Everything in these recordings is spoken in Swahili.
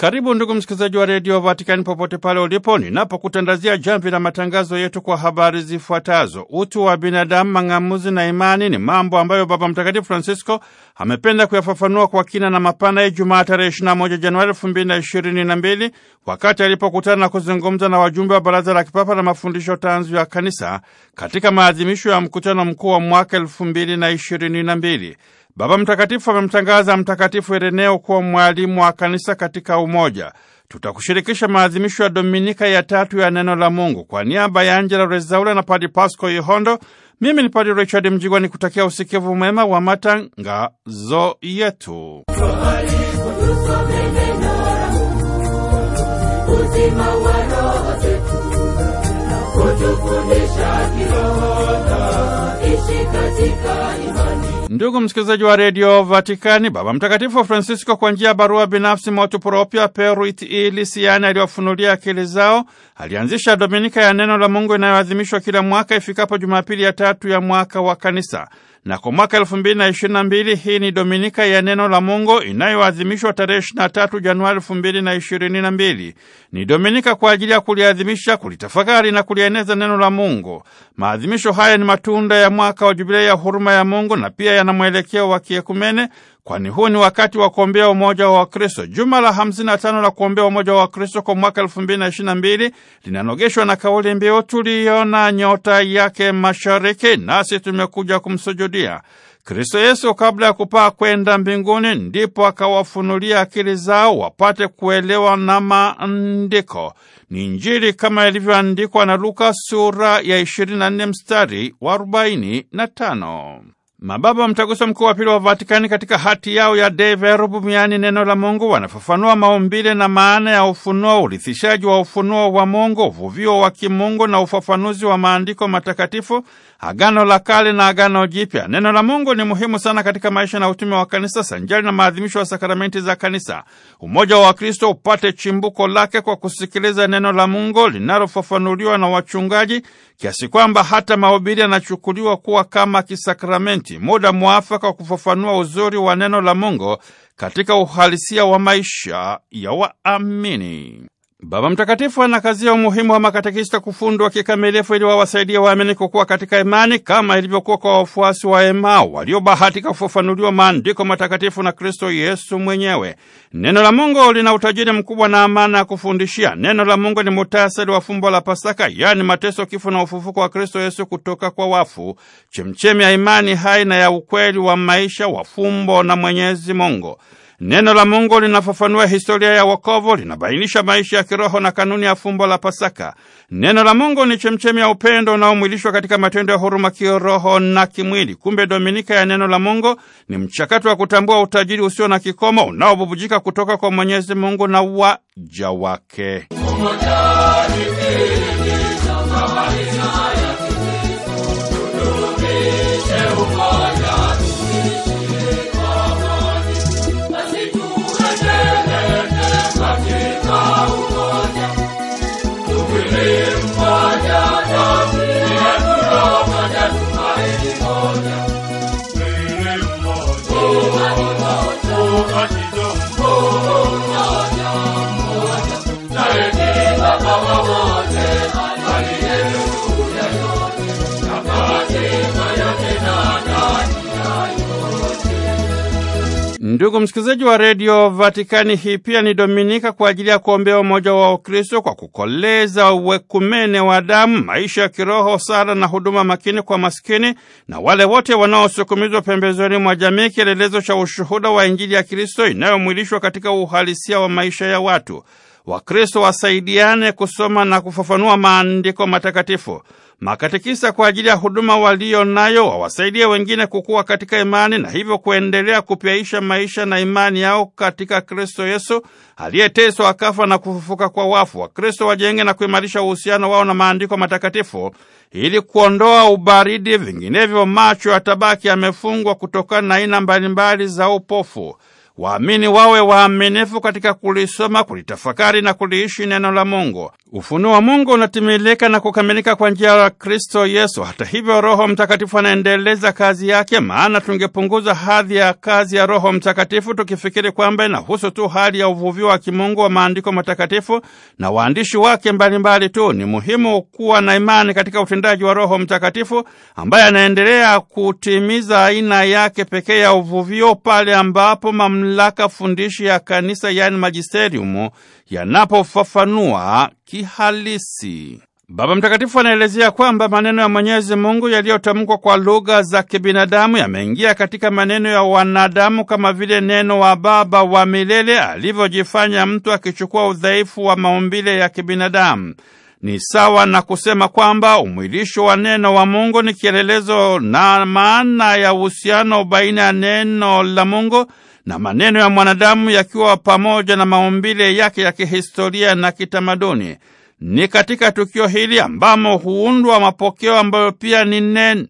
Karibu ndugu msikilizaji wa redio Vatikani popote pale ulipo, ninapokutandazia jamvi la matangazo yetu kwa habari zifuatazo. Utu wa binadamu, mang'amuzi na imani ni mambo ambayo Baba Mtakatifu Francisco amependa kuyafafanua kwa kina na mapana Ijumaa tarehe 21 Januari 2022 wakati alipokutana na kuzungumza na wajumbe wa Baraza la Kipapa na Mafundisho Tanzu ya Kanisa katika maadhimisho ya mkutano mkuu wa mwaka 2022. Baba Mtakatifu amemtangaza Mtakatifu Ireneo kuwa mwalimu wa kanisa katika umoja. Tutakushirikisha maadhimisho ya Dominika ya tatu ya neno la Mungu. Kwa niaba ya Angela Rezaula na Padi Pasco Ihondo, mimi ni Padi Richard Mjigwa ni kutakia usikivu mwema wa matangazo yetu. Ndugu msikilizaji wa redio Vatikani, Baba Mtakatifu Francisco kwa njia ya barua binafsi Motu Proprio Peruit Ilisiani aliwafunulia akili zao, alianzisha Dominika ya Neno la Mungu inayoadhimishwa kila mwaka ifikapo Jumapili ya tatu ya mwaka wa Kanisa na kwa mwaka elfu mbili na ishirini na mbili hii ni Dominika ya Neno la Mungu inayoadhimishwa tarehe 23 Januari elfu mbili na ishirini na mbili. Ni Dominika kwa ajili ya kuliadhimisha, kulitafakari na kulieneza neno la Mungu. Maadhimisho haya ni matunda ya mwaka wa Jubilei ya huruma ya Mungu na pia yana mwelekeo wa kiekumene kwani huu ni wakati wa kuombea umoja wa Wakristo. Juma la 55 la kuombea umoja wa Wakristo kwa mwaka 2022 linanogeshwa na kauli mbiu tuliona nyota yake mashariki, nasi tumekuja kumsujudia Kristo Yesu. Kabla ya kupaa kwenda mbinguni, ndipo akawafunulia akili zao wapate kuelewa na maandiko. Ni Injili kama ilivyoandikwa na Luka sura ya 24 mstari wa 45. Mababa wa Mtaguso Mkuu wa Pili wa Vatikani katika hati yao ya De Verbum, yaani neno la Mungu, wanafafanua maumbile na maana ya ufunuo, urithishaji wa ufunuo wa Mungu, uvuvio wa kimungu na ufafanuzi wa maandiko matakatifu Agano la Kale na Agano Jipya. Neno la Mungu ni muhimu sana katika maisha na utume wa kanisa, sanjari na maadhimisho ya sakramenti za kanisa. Umoja wa Wakristo upate chimbuko lake kwa kusikiliza neno la Mungu linalofafanuliwa na wachungaji, kiasi kwamba hata mahubiri yanachukuliwa kuwa kama kisakramenti, muda mwafaka wa kufafanua uzuri wa neno la Mungu katika uhalisia wa maisha ya waamini. Baba Mtakatifu anakazia umuhimu wa makatekista kufundwa kikamilifu ili wawasaidie waamini kukuwa katika imani kama ilivyokuwa kwa wafuasi wa emao waliobahatika kufafanuliwa maandiko matakatifu na Kristo Yesu mwenyewe. Neno la Mungu lina utajiri mkubwa na amana ya kufundishia. Neno la Mungu ni mutasari wa fumbo la Pasaka, yaani mateso, kifo na ufufuko wa Kristo Yesu kutoka kwa wafu, chemchemi ya imani hai na ya ukweli wa maisha wa fumbo na Mwenyezi Mungu. Neno la Mungu linafafanua historia ya wokovu, linabainisha maisha ya kiroho na kanuni ya fumbo la Pasaka. Neno la Mungu ni chemchemi ya upendo unaomwilishwa katika matendo ya huruma kiroho na kimwili. Kumbe, dominika ya neno la Mungu ni mchakato wa kutambua utajiri usio na kikomo unaobubujika kutoka kwa Mwenyezi Mungu na waja wake. oh, oh. Ndugu msikilizaji wa redio Vatikani, hii pia ni dominika kwa ajili ya kuombea umoja wa Ukristo kwa kukoleza uwekumene wa damu, maisha ya kiroho, sala na huduma makini kwa maskini na wale wote wanaosukumizwa pembezoni mwa jamii, kielelezo cha ushuhuda wa Injili ya Kristo inayomwilishwa katika uhalisia wa maisha ya watu. Wakristo wasaidiane kusoma na kufafanua maandiko matakatifu makatikisa kwa ajili ya huduma walio nayo wawasaidie wengine kukua katika imani na hivyo kuendelea kupyaisha maisha na imani yao katika Kristo Yesu aliyeteswa akafa na kufufuka kwa wafu. Wakristo wajenge na kuimarisha uhusiano wao na maandiko matakatifu ili kuondoa ubaridi, vinginevyo macho ya tabaki yamefungwa kutokana na aina mbalimbali za upofu waamini wawe waaminifu katika kulisoma, kulitafakari na kuliishi neno la Mungu. Ufunuo wa Mungu unatimilika na kukamilika kwa njia ya Kristo Yesu. Hata hivyo, Roho Mtakatifu anaendeleza kazi yake, maana tungepunguza hadhi ya kazi ya Roho Mtakatifu tukifikiri kwamba inahusu tu hali ya uvuvio wa kimungu wa maandiko matakatifu na waandishi wake mbalimbali tu. Ni muhimu kuwa na imani katika utendaji wa Roho Mtakatifu ambaye anaendelea kutimiza aina yake pekee ya uvuvio pale ambapo mamlaka mamlaka fundishi ya kanisa yaani majisteriumu yanapofafanua kihalisi. Baba Mtakatifu anaelezea kwamba maneno ya Mwenyezi Mungu yaliyotamkwa kwa lugha za kibinadamu yameingia katika maneno ya wanadamu kama vile neno wa Baba wa milele alivyojifanya mtu akichukua udhaifu wa maumbile ya kibinadamu. Ni sawa na kusema kwamba umwilisho wa neno wa Mungu ni kielelezo na maana ya uhusiano baina ya neno la Mungu na maneno ya mwanadamu yakiwa pamoja na maumbile yake ya kihistoria na kitamaduni. Ni katika tukio hili ambamo huundwa mapokeo ambayo pia ni neno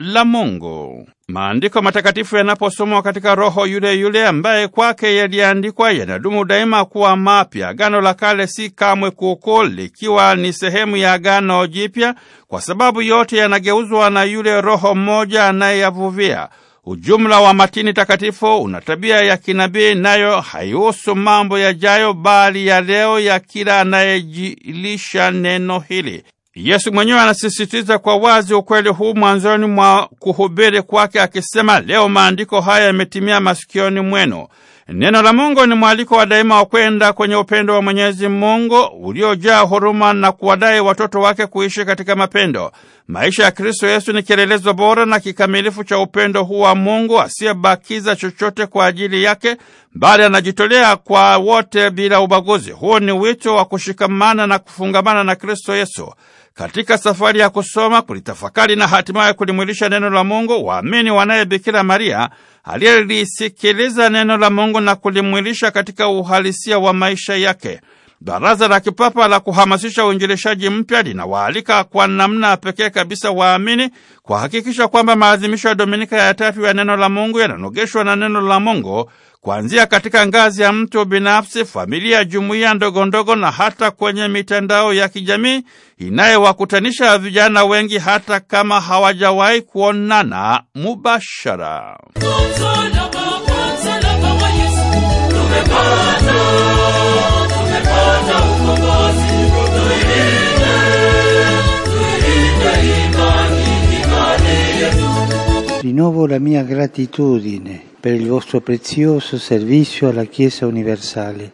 la Mungu. Maandiko matakatifu yanaposomwa katika roho yule yule ambaye kwake yaliandikwa, yanadumu daima kuwa mapya. Agano la Kale si kamwe kuukuu, likiwa ni sehemu ya Agano Jipya, kwa sababu yote yanageuzwa na yule Roho mmoja anayeyavuvia. Ujumla wa matini takatifu una tabia ya kinabii, nayo haihusu mambo yajayo, bali ya leo ya kila anayejilisha neno hili. Yesu mwenyewe anasisitiza kwa wazi ukweli huu mwanzoni mwa kuhubiri kwake, akisema, leo maandiko haya yametimia masikioni mwenu. Neno la Mungu ni mwaliko wa daima wa kwenda kwenye upendo wa Mwenyezi Mungu uliojaa huruma na kuwadai watoto wake kuishi katika mapendo. Maisha ya Kristo Yesu ni kielelezo bora na kikamilifu cha upendo huu wa Mungu asiyebakiza chochote kwa ajili yake, bali anajitolea kwa wote bila ubaguzi. Huo ni wito wa kushikamana na kufungamana na Kristo Yesu katika safari ya kusoma, kulitafakari na hatimaye kulimwilisha neno la Mungu, waamini wanaye Bikira Maria aliyelisikiliza neno la Mungu na kulimwilisha katika uhalisia wa maisha yake. Baraza la Kipapa la kuhamasisha uinjilishaji mpya linawaalika kwa namna pekee kabisa waamini kuhakikisha kwamba maadhimisho ya Dominika ya tatu ya neno la Mungu yananogeshwa na neno la Mungu kuanzia katika ngazi ya mtu binafsi, familia, jumuiya ndogo ndogo na hata kwenye mitandao ya kijamii inayowakutanisha vijana wengi hata kama hawajawahi kuonana mubashara. Tumepata, tumepata ukombozi. rinnovo la mia gratitudine per il vostro prezioso servizio alla Chiesa universale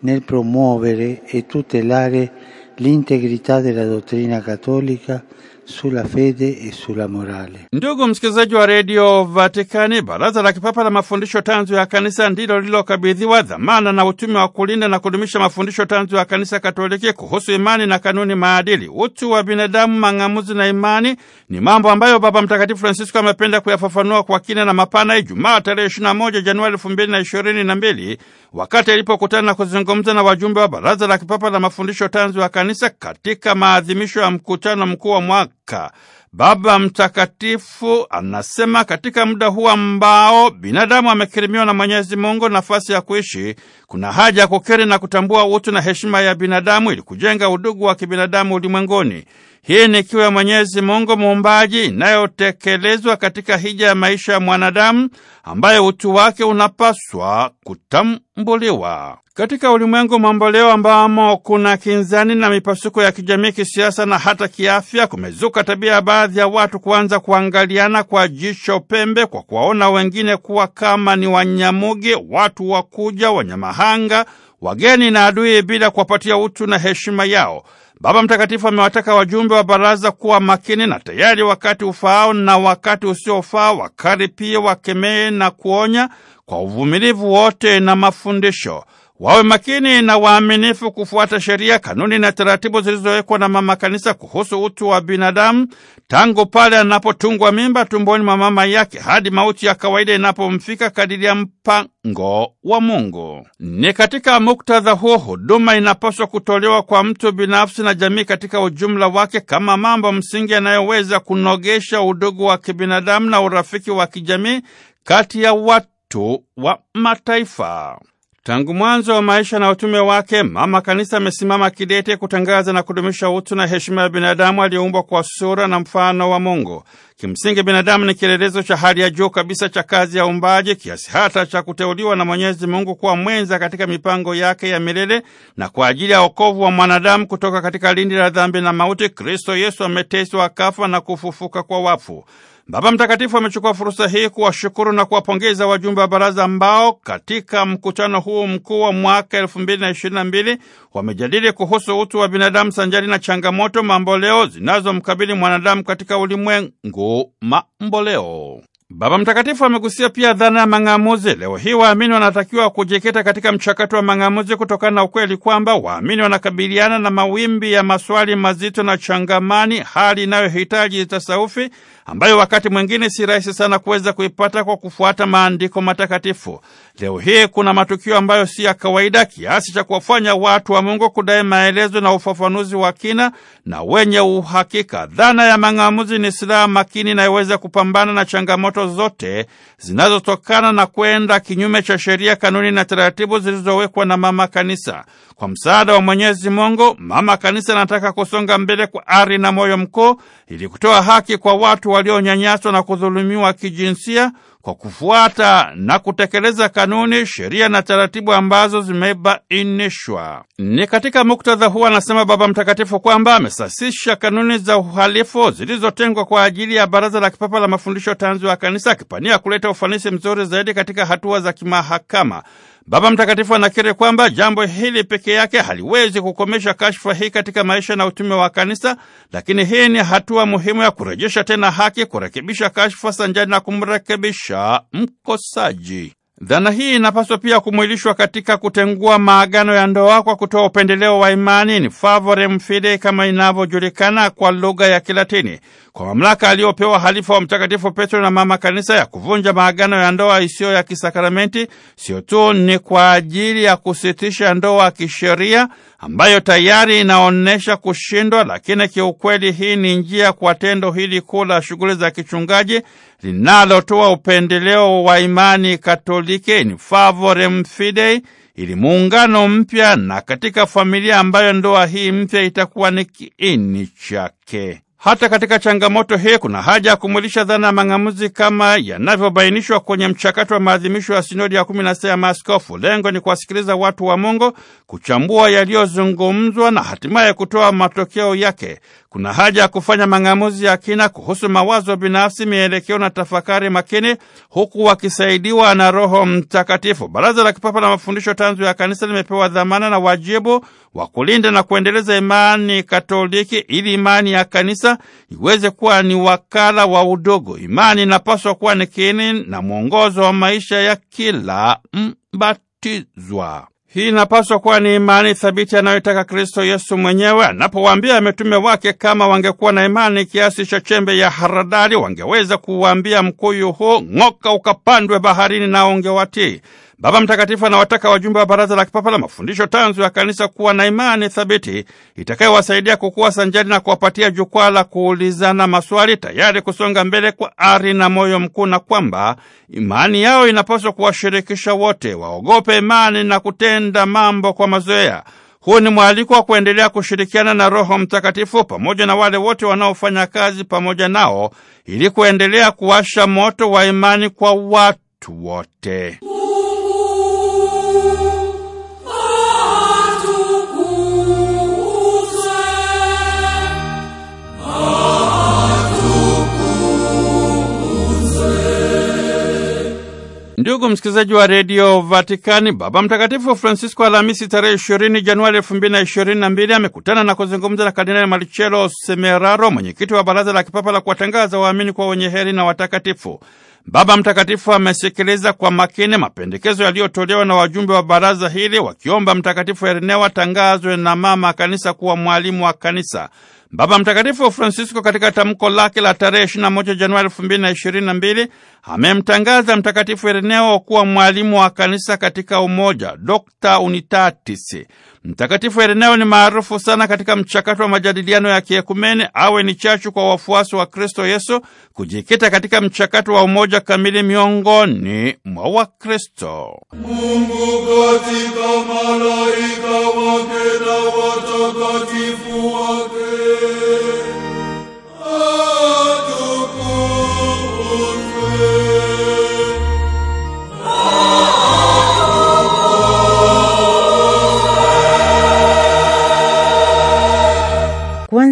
nel promuovere e tutelare l'integrità della dottrina cattolica sulla fede e sulla morale. Ndugu msikilizaji wa redio Vatikani, baraza la kipapa la mafundisho tanzu ya kanisa ndilo lililokabidhiwa dhamana na utume wa kulinda na kudumisha mafundisho tanzu ya kanisa Katoliki kuhusu imani na kanuni maadili, utu wa binadamu, mang'amuzi na imani ni mambo ambayo Baba Mtakatifu Francisco amependa kuyafafanua kwa kina na mapana Ijumaa tarehe 21 Januari 2022 wakati alipokutana na kuzungumza na wajumbe wa baraza la kipapa la mafundisho tanzu ya kanisa katika maadhimisho ya mkutano mkuu wa mwaka haraka. Baba Mtakatifu anasema katika muda huu ambao binadamu amekirimiwa na Mwenyezi Mungu nafasi ya kuishi, kuna haja ya kukiri na kutambua utu na heshima ya binadamu ili kujenga udugu wa kibinadamu ulimwenguni. Hii ni kiwa ya Mwenyezi Mungu muumbaji inayotekelezwa katika hija ya maisha ya mwanadamu ambaye utu wake unapaswa kutambuliwa. Katika ulimwengu mambo leo ambamo kuna kinzani na mipasuko ya kijamii, kisiasa na hata kiafya, kumezuka tabia ya baadhi ya watu kuanza kuangaliana kwa jicho pembe, kwa kuwaona wengine kuwa kama ni Wanyamuge, watu wakuja, wanyamahanga, wageni na adui, bila kuwapatia utu na heshima yao. Baba Mtakatifu amewataka wajumbe wa baraza kuwa makini na tayari wakati ufaao na wakati usiofaa, wakaripie, wakemee na kuonya kwa uvumilivu wote na mafundisho wawe makini na waaminifu kufuata sheria, kanuni na taratibu zilizowekwa na mama kanisa kuhusu utu wa binadamu tangu pale anapotungwa mimba tumboni mwa mama yake hadi mauti ya kawaida inapomfika kadiri ya mpango wa Mungu. Ni katika muktadha huo huduma inapaswa kutolewa kwa mtu binafsi na jamii katika ujumla wake kama mambo msingi yanayoweza kunogesha udugu wa kibinadamu na urafiki wa kijamii kati ya watu wa mataifa. Tangu mwanzo wa maisha na utume wake, mama kanisa amesimama kidete kutangaza na kudumisha utu na heshima ya binadamu aliyeumbwa kwa sura na mfano wa Mungu. Kimsingi, binadamu ni kielelezo cha hali ya juu kabisa cha kazi ya uumbaji, kiasi hata cha kuteuliwa na Mwenyezi Mungu kuwa mwenza katika mipango yake ya milele. Na kwa ajili ya wokovu wa mwanadamu kutoka katika lindi la dhambi na mauti, Kristo Yesu ameteswa, akafa na kufufuka kwa wafu. Baba Mtakatifu amechukua fursa hii kuwashukuru na kuwapongeza wajumbe wa baraza ambao katika mkutano huu mkuu wa mwaka elfu mbili na ishirini na mbili wamejadili kuhusu utu wa binadamu sanjari na changamoto mamboleo zinazomkabili mwanadamu katika ulimwengu mamboleo. Baba Mtakatifu amegusia pia dhana ya mang'amuzi. Leo hii waamini wanatakiwa kujikita katika mchakato wa mang'amuzi kutokana na ukweli kwamba waamini wanakabiliana na mawimbi ya maswali mazito na changamani, hali inayohitaji tasaufi ambayo wakati mwingine si rahisi sana kuweza kuipata kwa kufuata maandiko matakatifu. Leo hii kuna matukio ambayo si ya kawaida kiasi cha kuwafanya watu wa Mungu kudai maelezo na ufafanuzi wa kina na wenye uhakika. Dhana ya mang'amuzi ni silaha makini inayoweza kupambana na changamoto zote zinazotokana na kwenda kinyume cha sheria, kanuni na taratibu zilizowekwa na mama kanisa. Kwa msaada wa Mwenyezi Mungu, mama kanisa anataka kusonga mbele kwa ari na moyo mkuu ili kutoa haki kwa watu walionyanyaswa na kudhulumiwa kijinsia kwa kufuata na kutekeleza kanuni, sheria na taratibu ambazo zimebainishwa. Ni katika muktadha huu anasema Baba Mtakatifu kwamba amesasisha kanuni za uhalifu zilizotengwa kwa ajili ya Baraza la Kipapa la Mafundisho Tanzu ya Kanisa, akipania kuleta ufanisi mzuri zaidi katika hatua za kimahakama. Baba Mtakatifu anakiri kwamba jambo hili peke yake haliwezi kukomesha kashfa hii katika maisha na utume wa Kanisa, lakini hii ni hatua muhimu ya kurejesha tena haki, kurekebisha kashfa sanjani na kumrekebisha mkosaji. Dhana hii inapaswa pia kumwilishwa katika kutengua maagano ya ndoa kwa kutoa upendeleo wa imani, ni favorem fidei, kama inavyojulikana kwa lugha ya Kilatini kwa mamlaka aliyopewa halifa wa Mtakatifu Petro na Mama Kanisa ya kuvunja maagano ya ndoa isiyo ya kisakramenti, sio tu ni kwa ajili ya kusitisha ndoa kisheria ambayo tayari inaonyesha kushindwa, lakini kiukweli hii ni njia kwa tendo hili kuu la shughuli za kichungaji linalotoa upendeleo wa imani Katoliki, in favorem fidei, ili muungano mpya na katika familia ambayo ndoa hii mpya itakuwa ni kiini chake. Hata katika changamoto hii kuna haja ya kumwilisha dhana ya mang'amuzi kama yanavyobainishwa kwenye mchakato wa maadhimisho ya sinodi ya kumi na sita ya maaskofu. Lengo ni kuwasikiliza watu wa Mungu, kuchambua yaliyozungumzwa na hatimaye kutoa matokeo yake. Kuna haja ya kufanya mang'amuzi ya kina kuhusu mawazo binafsi, mielekeo na tafakari makini, huku wakisaidiwa na Roho Mtakatifu. Baraza la Kipapa la Mafundisho Tanzu ya Kanisa limepewa dhamana na wajibu wa kulinda na kuendeleza imani Katoliki ili imani ya Kanisa iweze kuwa ni wakala wa udogo. Imani inapaswa kuwa ni kiini na mwongozo wa maisha ya kila mbatizwa. Hii inapaswa kuwa ni imani thabiti anayotaka Kristo Yesu mwenyewe anapowaambia mitume wake. Kama wangekuwa na imani kiasi cha chembe ya haradali, wangeweza kuwaambia mkuyu huu ng'oka ukapandwe baharini, nao ungewatii. Baba Mtakatifu anawataka wajumbe wa Baraza la Kipapa la Mafundisho Tanzu ya Kanisa kuwa na imani thabiti itakayowasaidia kukuwa sanjari na kuwapatia jukwaa la kuulizana maswali, tayari kusonga mbele kwa ari na moyo mkuu, na kwamba imani yao inapaswa kuwashirikisha wote, waogope imani na kutenda mambo kwa mazoea. Huu ni mwaliko wa kuendelea kushirikiana na Roho Mtakatifu pamoja na wale wote wanaofanya kazi pamoja nao ili kuendelea kuwasha moto wa imani kwa watu wote. Ndugu msikilizaji wa redio Vatikani, Baba Mtakatifu Francisco Alhamisi tarehe ishirini Januari elfu mbili na ishirini na mbili amekutana na kuzungumza na Kardinali Marcello Semeraro, mwenyekiti wa Baraza la Kipapa la kuwatangaza waamini kwa wenye heri na watakatifu. Baba Mtakatifu amesikiliza kwa makini mapendekezo yaliyotolewa na wajumbe wa baraza hili wakiomba Mtakatifu Ireneo atangazwe na Mama Kanisa kuwa mwalimu wa kanisa. Baba Mtakatifu Francisco katika tamko lake la tarehe 21 Januari 2022 amemtangaza Mtakatifu Ireneo kuwa mwalimu wa kanisa katika umoja, Docta Unitatis. Mtakatifu Ireneo ni maarufu sana katika mchakato wa majadiliano ya kiekumene, awe ni chachu kwa wafuasi wa Kristo Yesu kujikita katika mchakato wa umoja kamili miongoni mwa Wakristo. Mungu katika malaika wake na watakatifu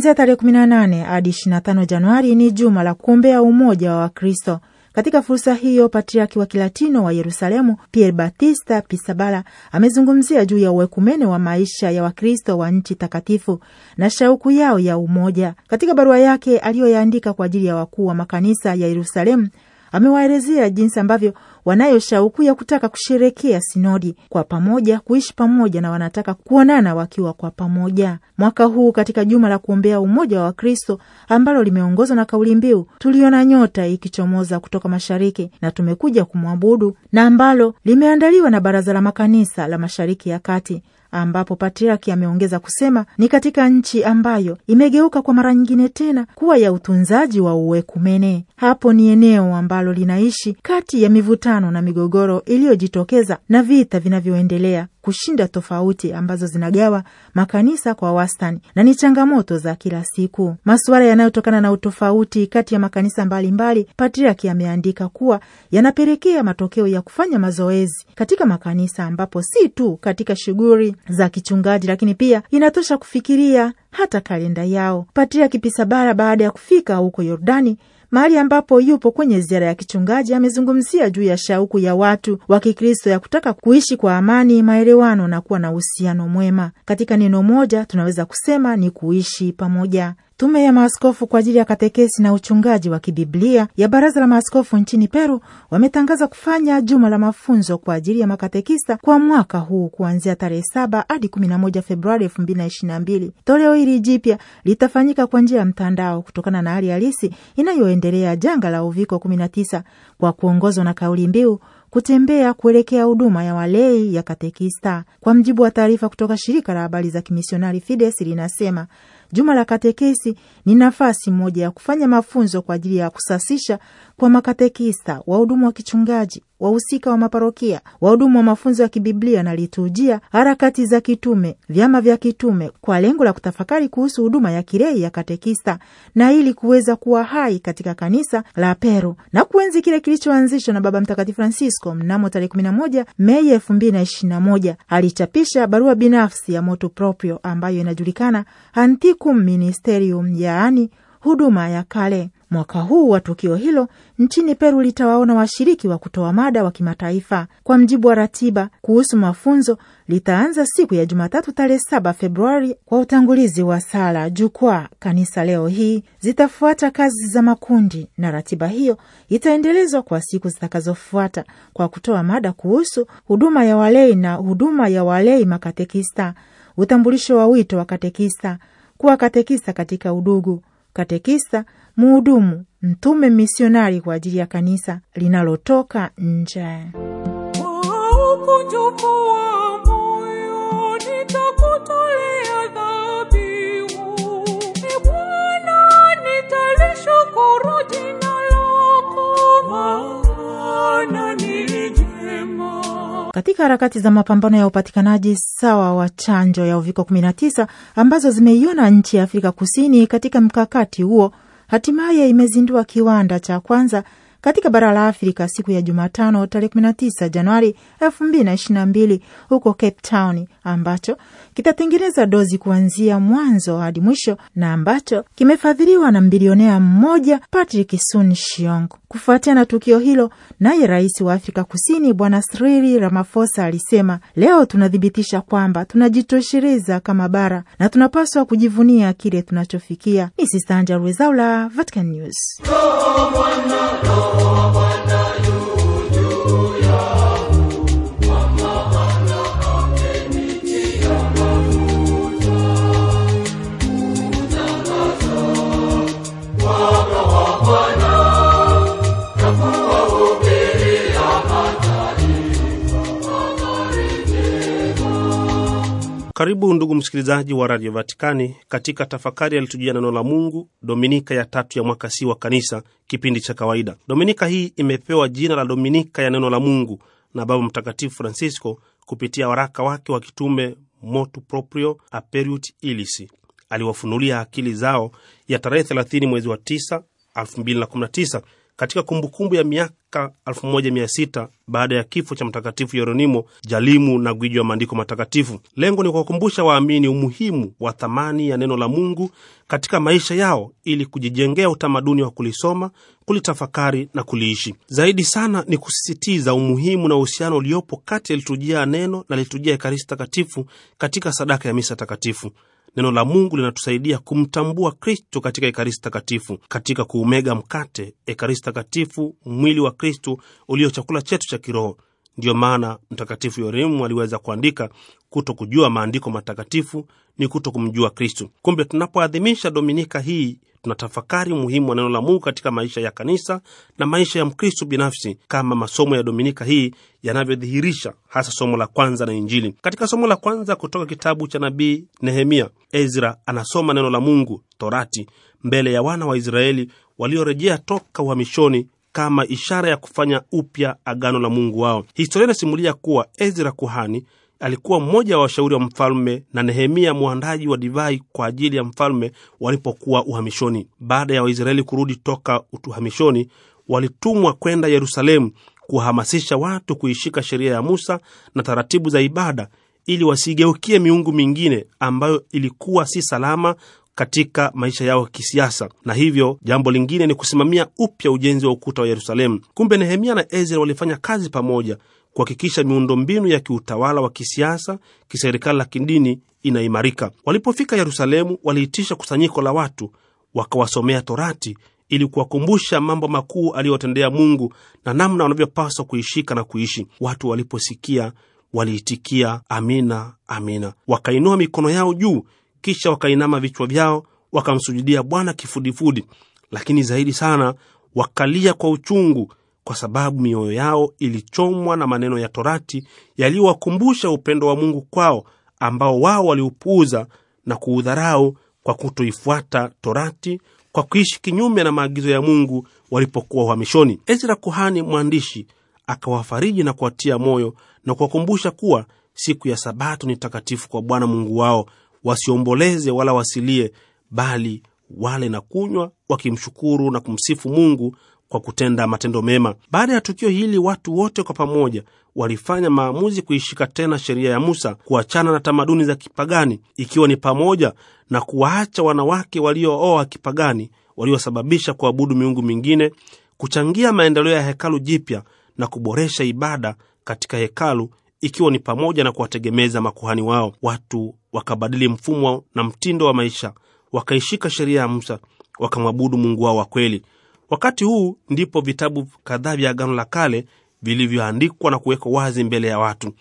Kuanzia tarehe 18 hadi 25 Januari ni juma la kuombea umoja wa Wakristo. Katika fursa hiyo patriaki wa Kilatino wa Yerusalemu Pier Batista Pisabala amezungumzia juu ya uwekumene wa maisha ya Wakristo wa nchi takatifu na shauku yao ya umoja. Katika barua yake aliyoyaandika kwa ajili ya wakuu wa makanisa ya Yerusalemu, amewaelezea jinsi ambavyo wanayo shauku ya kutaka kusherekea sinodi kwa pamoja, kuishi pamoja na wanataka kuonana wakiwa kwa pamoja. Mwaka huu katika juma la kuombea umoja wa Wakristo ambalo limeongozwa na kauli mbiu tuliona nyota ikichomoza kutoka mashariki na tumekuja kumwabudu, na ambalo limeandaliwa na Baraza la Makanisa la Mashariki ya Kati ambapo patriaki ameongeza kusema ni katika nchi ambayo imegeuka kwa mara nyingine tena kuwa ya utunzaji wa uwekumene. Hapo ni eneo ambalo linaishi kati ya mivutano na migogoro iliyojitokeza na vita vinavyoendelea kushinda tofauti ambazo zinagawa makanisa kwa wastani na ni changamoto za kila siku. Masuala yanayotokana na utofauti kati ya makanisa mbalimbali, Patriaki ameandika kuwa yanapelekea matokeo ya kufanya mazoezi katika makanisa, ambapo si tu katika shughuli za kichungaji, lakini pia inatosha kufikiria hata kalenda yao. Patriaki Pisabara baada ya kufika huko Yordani mahali ambapo yupo kwenye ziara ya kichungaji amezungumzia juu ya shauku ya watu wa Kikristo ya kutaka kuishi kwa amani, maelewano na kuwa na uhusiano mwema. Katika neno moja tunaweza kusema ni kuishi pamoja. Tume ya maaskofu kwa ajili ya katekesi na uchungaji wa kibiblia ya baraza la maaskofu nchini Peru wametangaza kufanya juma la mafunzo kwa ajili ya makatekista kwa mwaka huu kuanzia tarehe saba hadi kumi na moja Februari elfu mbili na na mbili. Toleo hili jipya litafanyika kwa njia ya mtandao kutokana na hali halisi inayoendelea janga la uviko kumi na tisa kwa kuongozwa na kauli mbiu kutembea kuelekea huduma ya walei ya katekista. Kwa mjibu wa taarifa kutoka shirika la habari za kimisionari Fides linasema Juma la katekesi ni nafasi moja ya kufanya mafunzo kwa ajili ya kusasisha kwa makatekista, wahudumu wa kichungaji, wahusika wa maparokia, wahudumu wa mafunzo ya kibiblia na liturujia, harakati za kitume, vyama vya kitume, kwa lengo la kutafakari kuhusu huduma ya kirei ya katekista na ili kuweza kuwa hai katika kanisa la Peru na kuenzi kile kilichoanzishwa na Baba Mtakatifu Francisco mnamo tarehe 11 Mei 2021. Alichapisha barua binafsi ya motu proprio ambayo inajulikana anticum Ministerium, yaani huduma ya kale. Mwaka huu wa tukio hilo nchini Peru litawaona washiriki wa kutoa mada wa kimataifa. Kwa mjibu wa ratiba kuhusu mafunzo, litaanza siku ya Jumatatu tarehe 7 Februari kwa utangulizi wa sala jukwaa kanisa leo hii, zitafuata kazi za makundi, na ratiba hiyo itaendelezwa kwa siku zitakazofuata kwa kutoa mada kuhusu huduma ya walei na huduma ya walei makatekista, utambulisho wa wito wa katekista, kuwa katekista katika udugu, katekista muhudumu, mtume, misionari kwa ajili ya kanisa linalotoka nje. E katika harakati za mapambano ya upatikanaji sawa wa chanjo ya uviko 19 ambazo zimeiona nchi ya Afrika Kusini katika mkakati huo hatimaye imezindua kiwanda cha kwanza katika bara la Afrika siku ya Jumatano tarehe 19 Januari 2022 huko Cape Town, ambacho kitatengeneza dozi kuanzia mwanzo hadi mwisho na ambacho kimefadhiliwa na bilionea mmoja Patrick Sun Shiong. Kufuatia na tukio hilo, naye rais wa Afrika Kusini Bwana Cyril Ramaphosa alisema, leo tunathibitisha kwamba tunajitosheleza kama bara na tunapaswa kujivunia kile tunachofikia. Ni Sista Anja Rwezaula, Vatican News. Oh, oh, oh, Oh, Karibu ndugu msikilizaji wa Radio Vatikani katika tafakari yalitujia neno la Mungu, dominika ya tatu ya mwaka si wa kanisa, kipindi cha kawaida. Dominika hii imepewa jina la Dominika ya neno la Mungu na Baba Mtakatifu Francisco kupitia waraka wake wa kitume Motu Proprio Aperiut ilis aliwafunulia akili zao ya tarehe 30 mwezi wa 9 219 katika kumbukumbu ya miaka 1600 baada ya kifo cha Mtakatifu Yeronimo, jalimu na gwiji wa maandiko matakatifu. Lengo ni kuwakumbusha waamini umuhimu wa thamani ya neno la Mungu katika maisha yao ili kujijengea utamaduni wa kulisoma, kulitafakari na kuliishi. Zaidi sana ni kusisitiza umuhimu na uhusiano uliopo kati ya liturujia ya neno na liturujia ya Ekaristi Takatifu katika sadaka ya misa takatifu. Neno la Mungu linatusaidia kumtambua Kristo katika Ekaristi Takatifu, katika kuumega mkate. Ekaristi Takatifu, mwili wa Kristo ulio chakula chetu cha kiroho. Ndiyo maana Mtakatifu Yoremu aliweza kuandika, kuto kujua maandiko matakatifu ni kuto kumjua Kristo. Kumbe tunapoadhimisha dominika hii tunatafakari umuhimu wa neno la Mungu katika maisha ya kanisa na maisha ya Mkristo binafsi kama masomo ya Dominika hii yanavyodhihirisha, hasa somo la kwanza na Injili. Katika somo la kwanza kutoka kitabu cha nabii Nehemia, Ezra anasoma neno la Mungu, Torati, mbele ya wana wa Israeli waliorejea toka uhamishoni kama ishara ya kufanya upya agano la Mungu wao. Historia inasimulia kuwa Ezra kuhani alikuwa mmoja wa washauri wa mfalme na Nehemia mwandaji wa divai kwa ajili ya mfalme walipokuwa uhamishoni. Baada ya Waisraeli kurudi toka uhamishoni, walitumwa kwenda Yerusalemu kuwahamasisha watu kuishika sheria ya Musa na taratibu za ibada ili wasigeukie miungu mingine ambayo ilikuwa si salama katika maisha yao kisiasa, na hivyo jambo lingine ni kusimamia upya ujenzi wa ukuta wa Yerusalemu. Kumbe Nehemia na Ezra walifanya kazi pamoja kuhakikisha miundombinu ya kiutawala wa kisiasa, kiserikali na kidini inaimarika. Walipofika Yerusalemu, waliitisha kusanyiko la watu, wakawasomea Torati ili kuwakumbusha mambo makuu aliyotendea Mungu na namna wanavyopaswa kuishika na kuishi. Watu waliposikia waliitikia amina, amina, wakainua mikono yao juu, kisha wakainama vichwa vyao, wakamsujudia Bwana kifudifudi, lakini zaidi sana wakalia kwa uchungu kwa sababu mioyo yao ilichomwa na maneno ya Torati yaliyowakumbusha upendo wa Mungu kwao ambao wao waliupuuza na kuudharau kwa kutoifuata Torati, kwa kuishi kinyume na maagizo ya Mungu walipokuwa uhamishoni. Ezra kuhani mwandishi akawafariji na kuwatia moyo na kuwakumbusha kuwa siku ya Sabato ni takatifu kwa Bwana Mungu wao, wasiomboleze wala wasilie, bali wale na kunywa wakimshukuru na kumsifu Mungu kwa kutenda matendo mema. Baada ya tukio hili, watu wote kwa pamoja walifanya maamuzi kuishika tena sheria ya Musa, kuachana na tamaduni za kipagani, ikiwa ni pamoja na kuwaacha wanawake waliooa kipagani waliosababisha kuabudu miungu mingine, kuchangia maendeleo ya hekalu jipya na kuboresha ibada katika hekalu ikiwa ni pamoja na kuwategemeza makuhani wao. Watu wakabadili mfumo na mtindo wa maisha, wakaishika sheria ya Musa, wakamwabudu Mungu wao wa kweli. Wakati huu ndipo vitabu kadhaa vya Agano la Kale vilivyoandikwa na kuwekwa wazi mbele ya watu.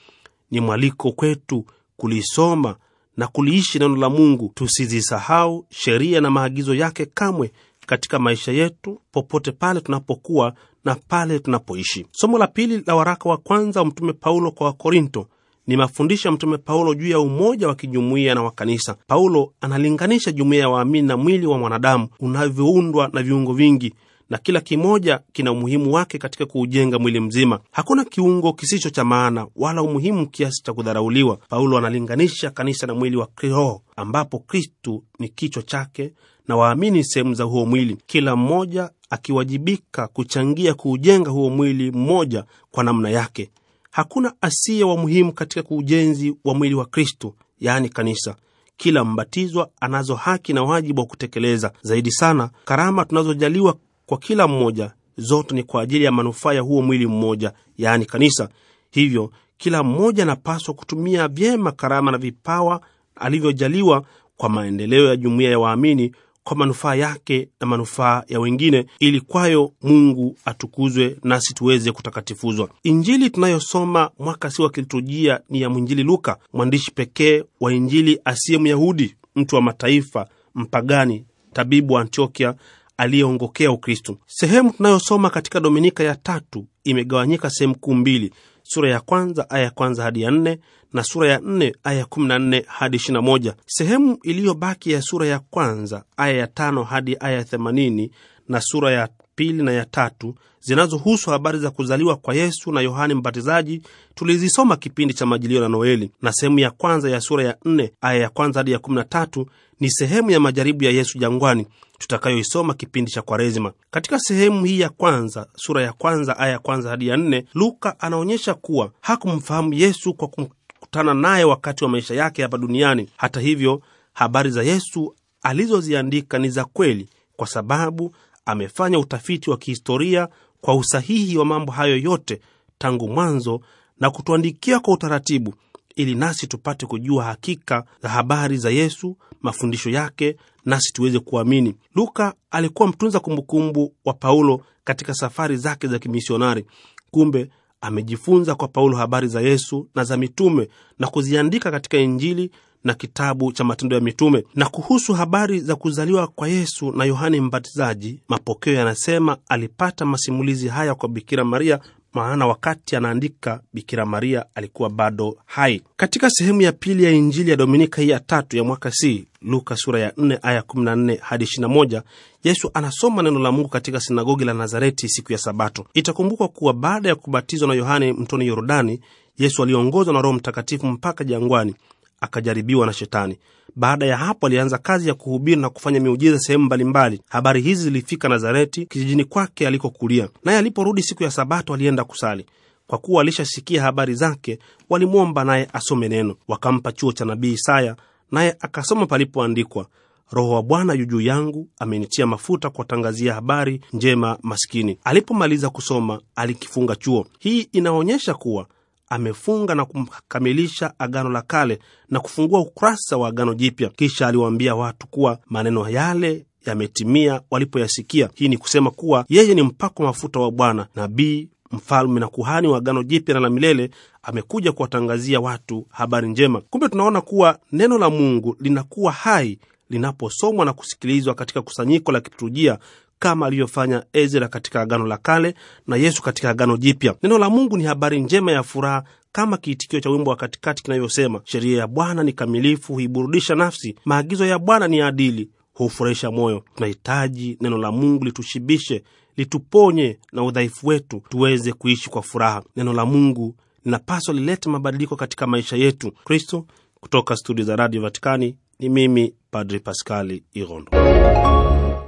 Ni mwaliko kwetu kulisoma na kuliishi neno la Mungu, tusizisahau sheria na maagizo yake kamwe katika maisha yetu, popote pale tunapokuwa na pale tunapoishi. Somo la pili la waraka wa kwanza wa Mtume Paulo kwa Wakorinto ni mafundisho ya Mtume Paulo juu ya umoja wa kijumuiya na wakanisa Paulo analinganisha jumuiya ya waamini na mwili wa mwanadamu unavyoundwa na viungo vingi na kila kimoja kina umuhimu wake katika kuujenga mwili mzima. Hakuna kiungo kisicho cha maana wala umuhimu kiasi cha kudharauliwa. Paulo analinganisha kanisa na mwili wa kiroho ambapo Kristu ni kichwa chake na waamini sehemu za huo mwili, kila mmoja akiwajibika kuchangia kuujenga huo mwili mmoja kwa namna yake. Hakuna asiye wa muhimu katika ujenzi wa mwili wa Kristu, yaani kanisa. Kila mbatizwa anazo haki na wajibu wa kutekeleza. Zaidi sana, karama tunazojaliwa kwa kila mmoja, zote ni kwa ajili ya manufaa ya huo mwili mmoja, yaani kanisa. Hivyo kila mmoja anapaswa kutumia vyema karama na vipawa alivyojaliwa kwa maendeleo ya jumuiya ya waamini kwa manufaa yake na manufaa ya wengine, ili kwayo Mungu atukuzwe nasi tuweze kutakatifuzwa. Injili tunayosoma mwaka si wa kiliturujia ni ya mwinjili Luka, mwandishi pekee wa Injili asiye Myahudi, mtu wa mataifa, mpagani, tabibu wa Antiokia aliyeongokea Ukristu. Sehemu tunayosoma katika Dominika ya tatu imegawanyika sehemu kuu mbili, sura ya kwanza aya ya kwanza hadi ya nne na sura ya nne aya ya kumi na nne hadi ishirini na moja. Sehemu iliyobaki ya sura ya kwanza aya ya tano hadi aya ya themanini na sura ya pili na ya tatu zinazohusu habari za kuzaliwa kwa Yesu na Yohane Mbatizaji tulizisoma kipindi cha Majilio na Noeli, na sehemu ya kwanza ya sura ya nne aya ya kwanza hadi ya kumi na tatu ni sehemu ya majaribu ya Yesu jangwani tutakayoisoma kipindi cha kwarezima Katika sehemu hii ya kwanza, sura ya kwanza aya ya kwanza hadi ya nne, Luka anaonyesha kuwa hakumfahamu Yesu kwa kukutana naye wakati wa maisha yake hapa duniani. Hata hivyo, habari za Yesu alizoziandika ni za kweli, kwa sababu amefanya utafiti wa kihistoria kwa usahihi wa mambo hayo yote tangu mwanzo na kutuandikia kwa utaratibu ili nasi tupate kujua hakika za habari za Yesu, mafundisho yake, nasi tuweze kuamini. Luka alikuwa mtunza kumbukumbu wa Paulo katika safari zake za kimisionari. Kumbe amejifunza kwa Paulo habari za Yesu na za mitume na kuziandika katika Injili na kitabu cha Matendo ya Mitume. Na kuhusu habari za kuzaliwa kwa Yesu na Yohane Mbatizaji, mapokeo yanasema alipata masimulizi haya kwa Bikira Maria maana wakati anaandika Bikira Maria alikuwa bado hai. Katika sehemu ya pili ya Injili ya Dominika hii ya tatu ya mwaka C, Luka sura ya 4 aya 14 hadi 21, Yesu anasoma neno la Mungu katika sinagogi la Nazareti siku ya Sabato. Itakumbukwa kuwa baada ya kubatizwa na Yohane mtoni Yordani, Yesu aliongozwa na Roho Mtakatifu mpaka jangwani, akajaribiwa na Shetani. Baada ya hapo, alianza kazi ya kuhubiri na kufanya miujiza sehemu mbalimbali. Habari hizi zilifika Nazareti, kijijini kwake alikokulia, naye aliporudi siku ya Sabato alienda kusali. Kwa kuwa alishasikia habari zake, walimwomba naye asome neno. Wakampa chuo cha nabii Isaya, naye akasoma palipoandikwa, Roho wa Bwana yu juu yangu, amenitia mafuta kuwatangazia habari njema maskini. Alipomaliza kusoma, alikifunga chuo. Hii inaonyesha kuwa amefunga na kumkamilisha Agano la Kale na kufungua ukurasa wa Agano Jipya. Kisha aliwaambia watu kuwa maneno yale yametimia walipoyasikia. Hii ni kusema kuwa yeye ni mpako mafuta wa Bwana, nabii, mfalme na kuhani wa Agano Jipya na la milele. Amekuja kuwatangazia watu habari njema. Kumbe tunaona kuwa neno la Mungu linakuwa hai linaposomwa na kusikilizwa katika kusanyiko la kiturujia kama alivyofanya Ezra katika Agano la Kale na Yesu katika Agano Jipya. Neno la Mungu ni habari njema ya furaha kama kiitikio cha wimbo wa katikati kinavyosema, sheria ya Bwana ni kamilifu, huiburudisha nafsi. Maagizo ya Bwana ni adili, hufurahisha moyo. Tunahitaji neno la Mungu litushibishe, lituponye na udhaifu wetu, tuweze kuishi kwa furaha. Neno la Mungu linapaswa lilete mabadiliko katika maisha yetu. Kristo kutoka studio za Radio Vatikani, ni mimi Padri Paskali Irondo.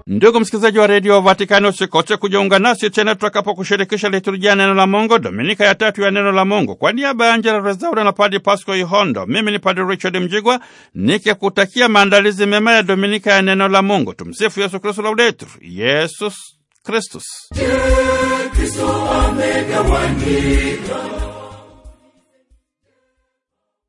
Ndugu msikilizaji wa redio Vatikani, usikose kujiunga nasi tena tutakapokushirikisha liturujia neno la Mungu, dominika ya tatu ya neno la Mungu. Kwa niaba ya Angela Rezaura na Padi Pasco Ihondo, mimi ni Padi Richard Mjigwa nikikutakia maandalizi mema ya dominika ya neno la Mungu. Tumsifu Yesu Kristu, laudetur Yesus Kristus.